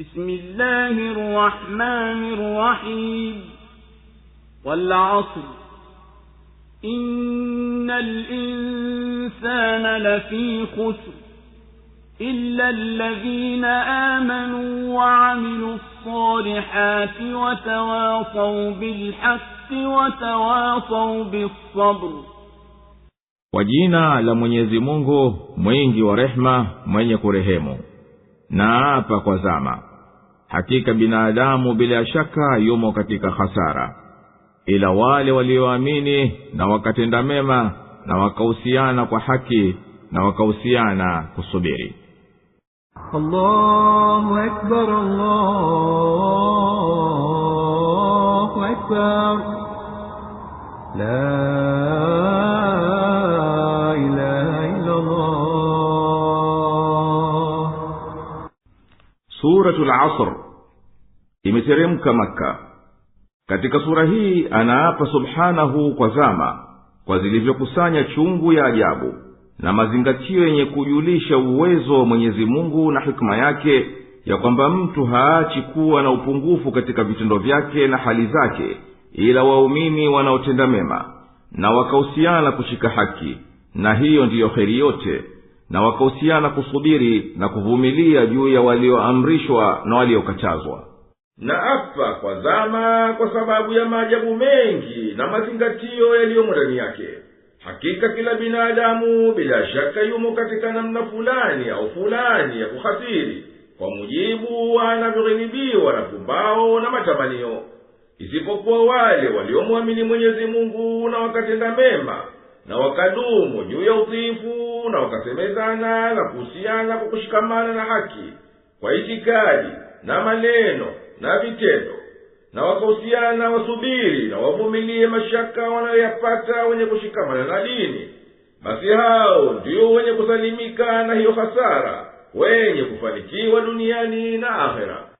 بسم الله الرحمن الرحيم والعصر إن الإنسان لفي خسر إلا الذين آمنوا وعملوا الصالحات وتواصوا بالحق وتواصوا بالصبر وجينا لمن يزمونه مين ورحمة rehema يكرهمه na apa kwa zama hakika binadamu bila shaka yumo katika hasara ila wale walioamini na wakatenda mema na wakahusiana kwa haki na wakahusiana kusubiri Allahu akbar, Allahu akbar. La suratu lasr imeteremka makka katika sura hii anaapa subhanahu kwa zama kwa zilivyokusanya chungu ya ajabu na mazingatio yenye kujulisha uwezo wa mwenyezi mungu na hikima yake ya kwamba mtu haachi kuwa na upungufu katika vitendo vyake na hali zake ila waumini wanaotenda mema na wakahusiana kushika haki na hiyo ndiyo heri yote na wakahusiana kusubiri na kuvumilia juu ya walioamrishwa na waliokatazwa na afa kwa zama kwa sababu ya maajabu mengi na mazingatio yaliyomo ndani yake hakika kila binadamu bila shaka yumo katika namna fulani au fulani ya kuhasiri kwa mujibu wa anavyoghilibiwa na pumbao na matamanio isipokuwa wale waliomwamini mwenyezi mungu na wakatenda mema na wakadumu juu ya utiifu na wakasemezana na kuhusiana kwa kushikamana na haki kwa itikadi na maneno na vitendo na wakahusiana wasubiri na wavumilie mashaka wanayoyapata wenye kushikamana na dini basi hao ndio wenye kusalimika na hiyo hasara wenye kufanikiwa duniani na akhera